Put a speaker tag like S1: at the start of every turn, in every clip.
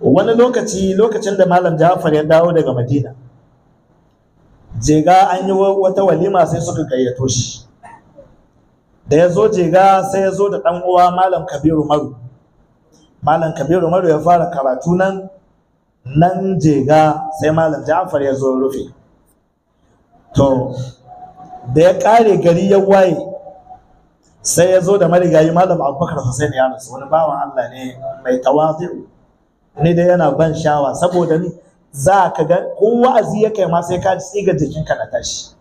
S1: wani lokaci lokacin da malam jafar ya dawo daga madina jega an yi wata walima sai suka gayyato shi da ya zo jega sai ya zo da ɗan uwa malam kabiru maru malam kabiru maru ya fara karatu nan nan jega sai malam jafar ya zo rufe to da ya ƙare gari ya waye sai ya zo da marigayi malam abubakar hussein ya rasu wani bawan allah ne mai tawazi'u ne dai yana ban shawa saboda ni za ka ga ko wa'azi ya kai ma sai ka tsiga jikinka na tashi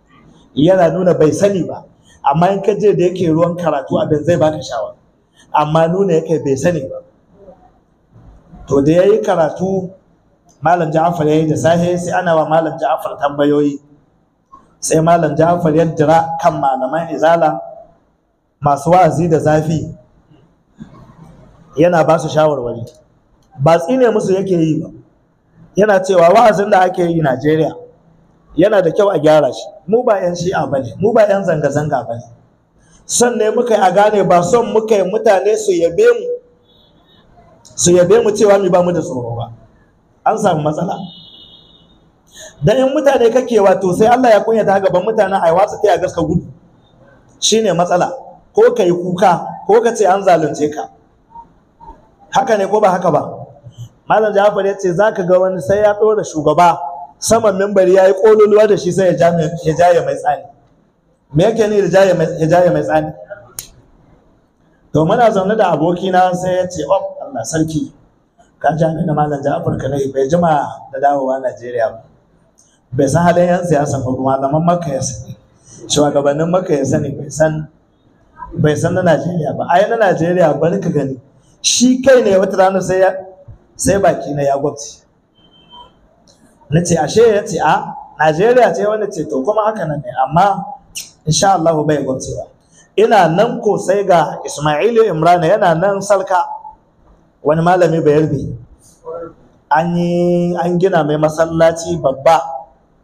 S1: yana nuna bai sani ba amma in ka je da yake ruwan karatu abin zai baka shawa amma nuna yake bai sani ba to da yayi karatu malam Ja'far yayi da safe sai ana wa malam Ja'far tambayoyi sai malam Ja'far ya dira kan malaman izala masu wa'azi da zafi yana ba su shawarwari ba tsine musu yake yi ba yana cewa wa'azin da ake yi Najeriya yana da kyau a gyara shi mu ba 'yan shi'a a bane, mu ba 'yan zanga-zanga bane son ne muka yi a gane ba son muka yi mutane su yabe mu mu cewa mu ba mu da tsoro ba an samu matsala da in mutane kake wato sai Allah ya kunya ta gaban mutane a watsa a gaska gudu shine matsala ko ka yi kuka ko ka ce an zalunce ka haka ne ko ba haka ba malam jafar ya ce zaka ga wani sai ya ɗora shugaba saman mimbari ya yi ƙololuwa da shi sai ya jaye mai tsani me yake ne ya jaye mai tsani to muna zaune da abokina sai ya ce oh Allah sarki ka ji da malam jafar ka ne bai jima da dawowa Najeriya ba bai san halin yan siyasa ba malaman maka ya sani shugabannin maka ya sani bai san bai san na Najeriya ba ai na Najeriya Barka ka gani shi kai ne wata rana sai sai baki na ya gwabci na ce ashe ya ce a ah, najeriya ce wanda ce to kuma haka nan ne amma insha Allah bai ba. ina nan ko sai ga ismailu imrana yana nan salka wani malami bai bi an an gina mai masallaci babba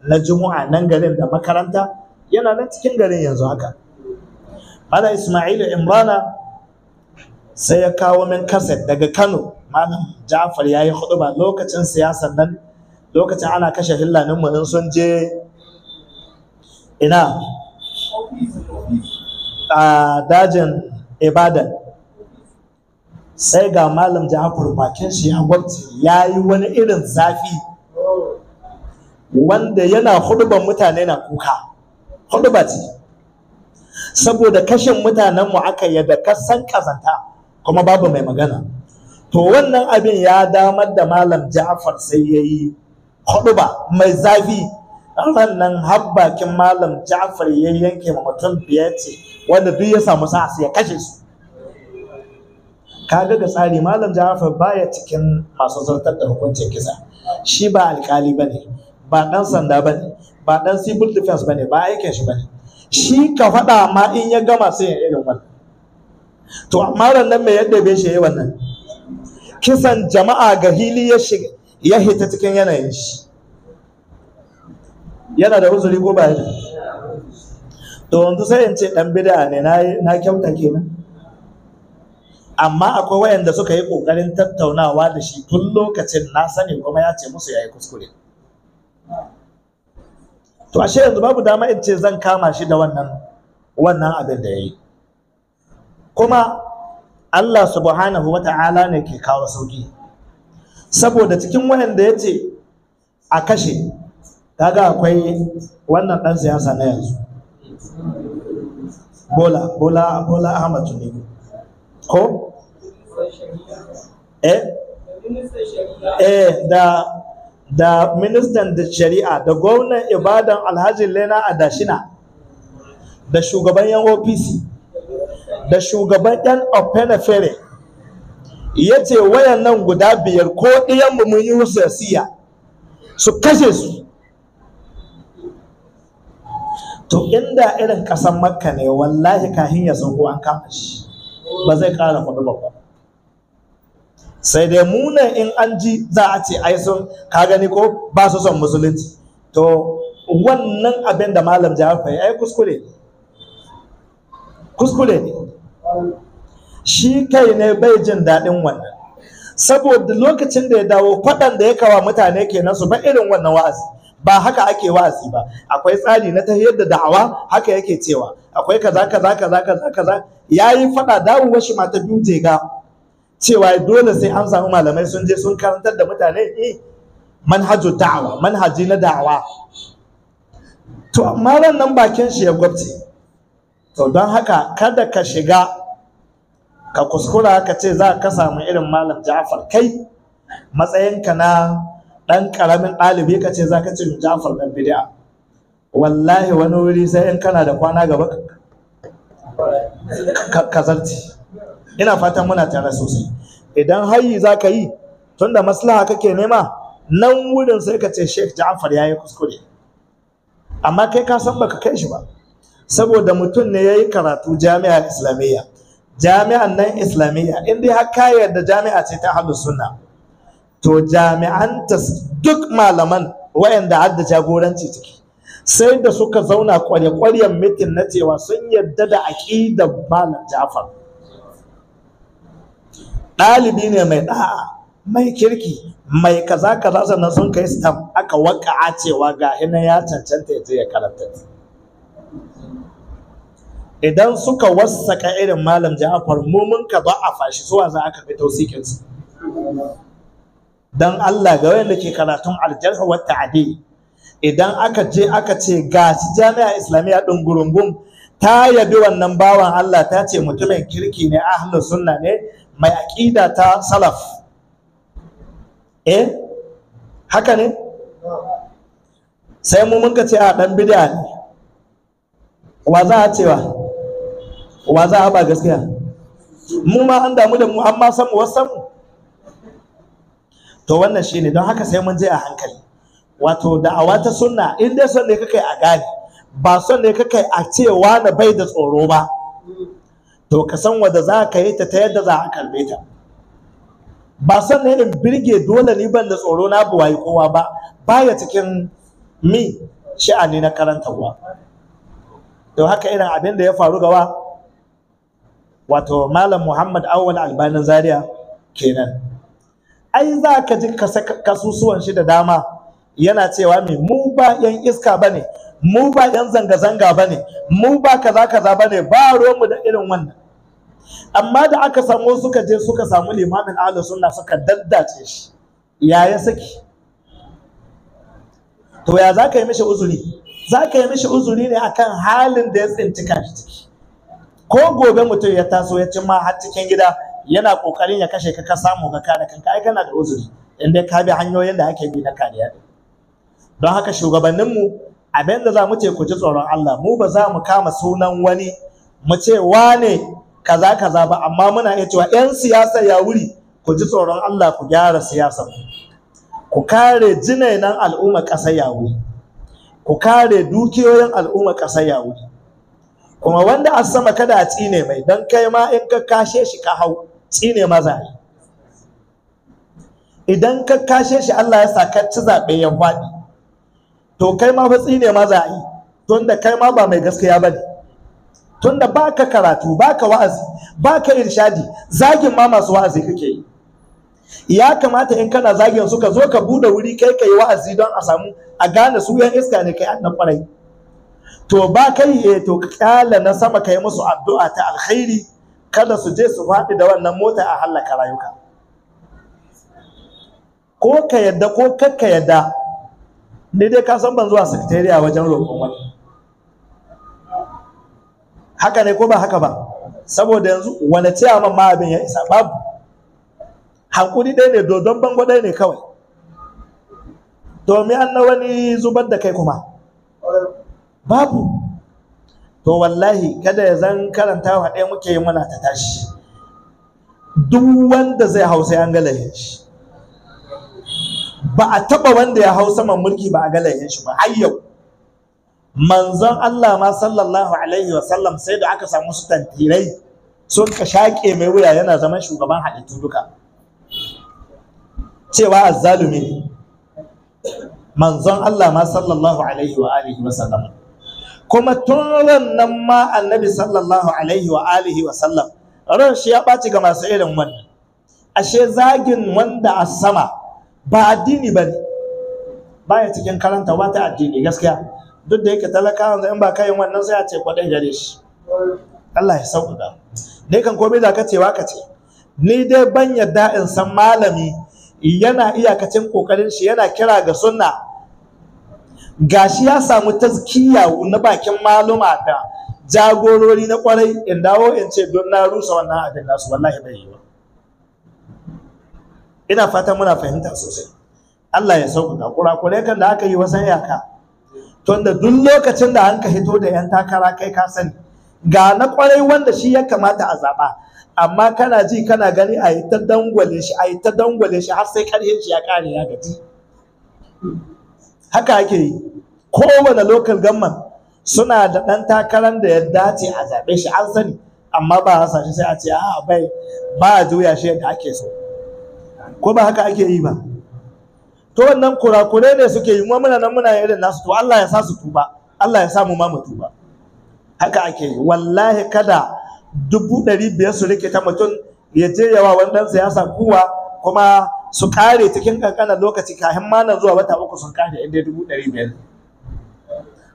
S1: na juma'a nan garin da makaranta yana nan cikin garin yanzu haka mala ismailu imrana sai ya kawo min kaset daga kano malam Jafar ya yayi ba lokacin siyasan nan lokacin ana kashe hillanin mu sun je ina a dajin Ibadan sai ga malam Jafar bakin shi ya gwabci yayi wani irin zafi wanda yana huduban mutane na kuka huduba ce saboda kashin mutanenmu aka yadda kasan kazanta kuma babu mai magana to wannan abin ya damar da malam ja'far sai ya yi ba mai zafi ran nan har malam ja'far ya yanke ma mutum biyar ce wanda duk ya samu sa'a ya kashe su kaga ga tsari malam ja'far baya cikin masu zartar da hukuncin kisa shi ba alkali ne, ba dan sanda ba ne, ba dan civil defense ne, ba aikin shi ba ne. shi ka faɗa ma in ya gama sai ya irin wannan to amma ran nan mai yadda bai shi yi wannan kisan jama'a ga hili ya shiga ya hita cikin yanayin shi yana da uzuri ko ba to wanzu sai in ce dan bid'a ne na kyauta kenan amma akwai wayanda suka yi kokarin tattaunawa da shi tun lokacin na sani kuma ya ce musu yayi kuskure to ashe yanzu babu dama in ce zan kama shi da wannan wannan abin da yayi kuma Allah subhanahu wa ta'ala ne ke kawo sauki saboda cikin waɗanda ya ce a kashe kaga akwai wannan ɗan siyasa na yanzu bola bola bola ahmad ko eh eh da da ministan da shari'a da gwamnan ibadan alhaji lena adashina da shugaban yan opc da shugaban yan ofenefere ya ce wayannan guda biyar ko ɗiyan mun yi siya su kashe su to inda irin ƙasan makka ne wallahi kahin ya sauko an kama shi ba zai ƙara kudu ba sai dai munan in an ji za a ce ai sun ka gani ko ba su son musulunci to wannan abin da malam jafar ya yi kuskure kuskure ne shi kai ne bai jin daɗin wannan saboda lokacin da ya dawo kwaɗan da ya kawa mutane kenan su ba irin wannan wa'azi ba haka ake wa'azi ba akwai tsari na tafiyar da da'awa haka yake cewa akwai kaza kaza kaza kaza kaza yi faɗa dawo wasu mata biyu je ga cewa dole sai an samu malamai sun je sun karantar da mutane eh da'awa manhaji na da'awa to amma nan bakin shi ya gwabce to don haka kada ka shiga ka kuskura ka ce za ka samu irin malam ja'far kai matsayinka na ɗan ƙaramin ɗalibi ka ce za ka ce ja'far ɗan bid'a wallahi wani wuri sai in kana da kwana gaba ka zarti ina fatan muna tare sosai idan hayi za ka yi tun da maslaha kake nema nan wurin sai ka ce sheikh ja'far ya yi kuskure amma kai ka san baka kai shi ba saboda mutum ne ya yi karatu jami'a islamiyya jami'an nan islamiyya in dai har ka yarda jami'a ce ta ahlus sunna to jami'an ta duk malaman wayanda hadda jagoranci take sai da suka zauna kwarya-kwaryan mitin na cewa sun yarda da aqidar malam Ja'far ɗalibi ne mai ɗa'a mai kirki mai kaza kaza sannan sun kai stamp aka waka cewa ga hina ya cancanta ya je ya karanta idan suka wassaka irin malam ja'afar mu ka ba fashi fashi zuwa za a fito tausikin don dan Allah ga wayanda ke karatun al'jarha wa ta'dil idan aka je aka ce gashi jami'a islamiyya din gurungun ta yabi wannan bawan Allah ta ce mutumin kirki ne ahlus sunna ne mai aƙida ta salaf eh haka ne sai mu ka ce a dan bid'a ne wa za a cewa wa za a ba gaskiya mu ma an damu da mu an ma san mu san mu to wannan shine don haka sai mun je a hankali wato da ta sunna in dai son ne kakai a gane ba son ne kakai a cewa na bai da tsoro ba to ka san wanda za ka yi ta ta yadda za a karbe ta ba son ne in birge dole ni ban da tsoro na ba wayi kowa ba baya cikin mi sha'ani na karantarwa to haka irin abin da ya faru gawa wato malam muhammad awal albanin zaria kenan ai za ka ji kasusuwan shi da dama yana cewa me mu ba yan iska ba ne, mu ba yan zanga-zanga ba ne, mu ba kaza kaza ne, ba mu da irin wannan amma da aka samu suka je suka samu limamin ahlus suna suka daddace shi Ya yaya saki to ya za ka yi mishi uzuri za ka yi mishi uzuri ne akan halin da ya tsinci kashi ciki ko gobe mutum ya taso ya cimma ma har cikin gida yana kokarin ya kashe ka ka samu ka kare kanka ai kana da uzuri in dai ka bi hanyoyin da ake bi na kariya don haka shugabanninmu abin da za mu ce ku ji tsoron Allah mu ba za mu kama sunan wani mu ce wane kaza kaza ba amma muna iya cewa yan siyasa ya wuri ku ji tsoron Allah ku gyara siyasa ku kare jinainan al'umma kasa ya wuri ku kare dukiyoyin al'umma kasa ya wuri kuma wanda a sama kada a tsine mai don kai ma in ka kashe shi ka hau tsine maza idan ka kashe shi Allah ya sa ka ci zaɓe ya faɗi to kai ma fa tsine maza yi tunda kai ma ba mai gaskiya ba ne tunda ba ka karatu ba ka wa'azi ba ka irshadi zagin ma masu wa'azi kake yi ya kamata in kana zagin su ka zo ka bude wuri kai kai wa'azi don a samu a gane su yan iska ne kai annan kwarai to ba kai eh, to kyala na sama kai musu addu'a ta alkhairi kada su je su faɗi da wannan mota a halaka rayuka ko ka yadda ko kakka yadda ni dai ka san ban zuwa sakatariya wajen roƙon wani haka ne ko ba haka ba saboda yanzu wani man ma abin ya isa babu hankuri ɗaya ne dodon bango ɗaya ne kawai domin an na wani zubar da kai kuma babu to wallahi kada ya zan karanta wa ɗaya muke yi muna ta tashi duk wanda zai Hausa ya galaye shi ba a taba wanda ya hausa man mulki ba a galaye shi ba har yau manzon Allah ma sallallahu alaihi wa sallam sai da aka samu su tantirai sun ka shaƙe mai wuya yana zaman shugaban halittu duka cewa azzalumi ne manzon Allah ma sallallahu alaihi wa alihi wa sallam kuma tun ran nan ma annabi sallallahu alaihi wa alihi wa sallam ran shi ya ɓaci ga masu irin wannan ashe zagin wanda a sama ba addini ba ne baya cikin karanta ba ta addini gaskiya duk da yake talakawa in ba kai wannan sai a ce kwaɗin gare shi Allah ya da ne kan komai da ka ce wa ka ce ni dai ban yadda in san malami yana iyakacin kokarin shi yana kira ga sunna gashi ya samu tazkiya na bakin maluma da jagorori na kwarai in dawo in ce don na rusa wannan abin nasu wallahi bai yi ba ina fata muna fahimta sosai Allah ya sauka ga kurakurai kan da aka yi wasan yaka tunda duk lokacin da an ka hito da yan takara kai ka sani ga na kwarai wanda shi ya kamata a zaɓa amma kana ji kana gani a yi ta dangwale shi a yi ta dangwale shi har sai karhin shi ya kare ya gaji haka ake yi kowane local government suna da ɗan takarar da ya dace a zaɓe shi an sani amma ba a sashi sai a ce a bai ba a juya shi yadda ake so ko ba haka ake yi ba to wannan kurakure ne suke yi kuma muna nan muna irin nasu to Allah ya sa su tuba Allah ya sa mu ma mu tuba haka ake yi wallahi kada dubu ɗari biyar su rike ta mutum ya je yawa wani ɗan siyasa kuwa kuma su kare cikin kankanar lokaci kafin malam zuwa wata uku sun kare inda dubu ɗari biyar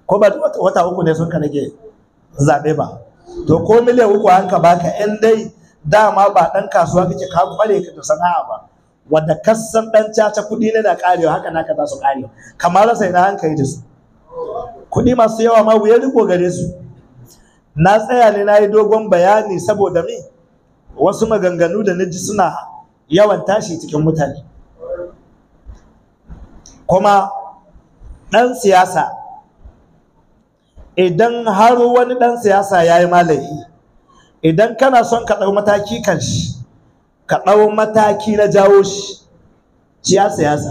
S1: ko ba wata uku ne sun ka rage zaɓe ba to ko miliyan uku an ka baka in dai dama ba ɗan kasuwa kake ka kware ka ta sana'a ba wanda kasan ɗan caca kuɗi ne na karewa haka naka za su kare kamar rasa ina an kai da su kuɗi masu yawa ma wuyar riko gare su na tsaya ne na yi dogon bayani saboda me wasu maganganu da na ji suna yawan tashi cikin mutane kuma ɗan siyasa idan har wani ɗan siyasa ya yi malayi idan kana son ka ɗau mataki kan shi ka ɗau mataki na jawo shi siyasa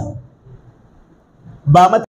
S1: ba